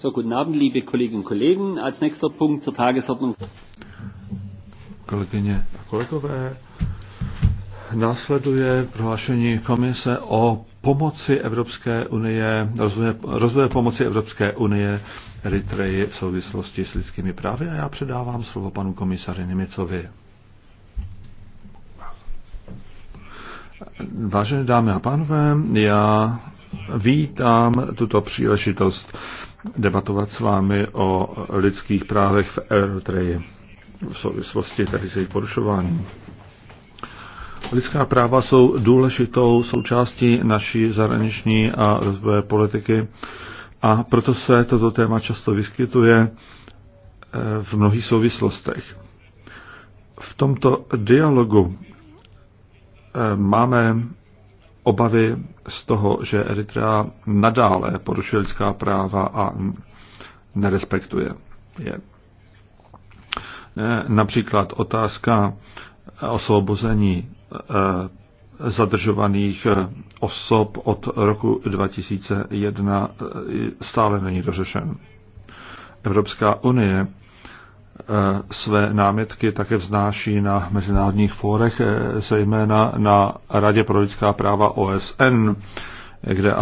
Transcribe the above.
So, guten Abend, liebe Kolleginnen und Kollegen. Als nächster Punkt zur Tagesordnung. Kolegyně a kolegové, následuje prohlášení komise o pomoci Evropské unie, rozvoje, rozvoje pomoci Evropské unie Eritreji v souvislosti s lidskými právy a já předávám slovo panu komisaři Nimicovi. Vážené dámy a pánové, já vítám tuto příležitost debatovat s vámi o lidských právech v Eritreji v souvislosti tady s jejich porušováním. Lidská práva jsou důležitou součástí naší zahraniční a rozvojové politiky a proto se toto téma často vyskytuje eh, v mnohých souvislostech. V tomto dialogu eh, máme obavy z toho, že Eritrea nadále porušuje lidská práva a nerespektuje je. E, například otázka osvobození e, zadržovaných e, osob od roku 2001 stále není dořešen. Evropská unie E, své námitky také vznáší na mezinárodních fórech, e, zejména na Radě pro lidská práva OSN, kde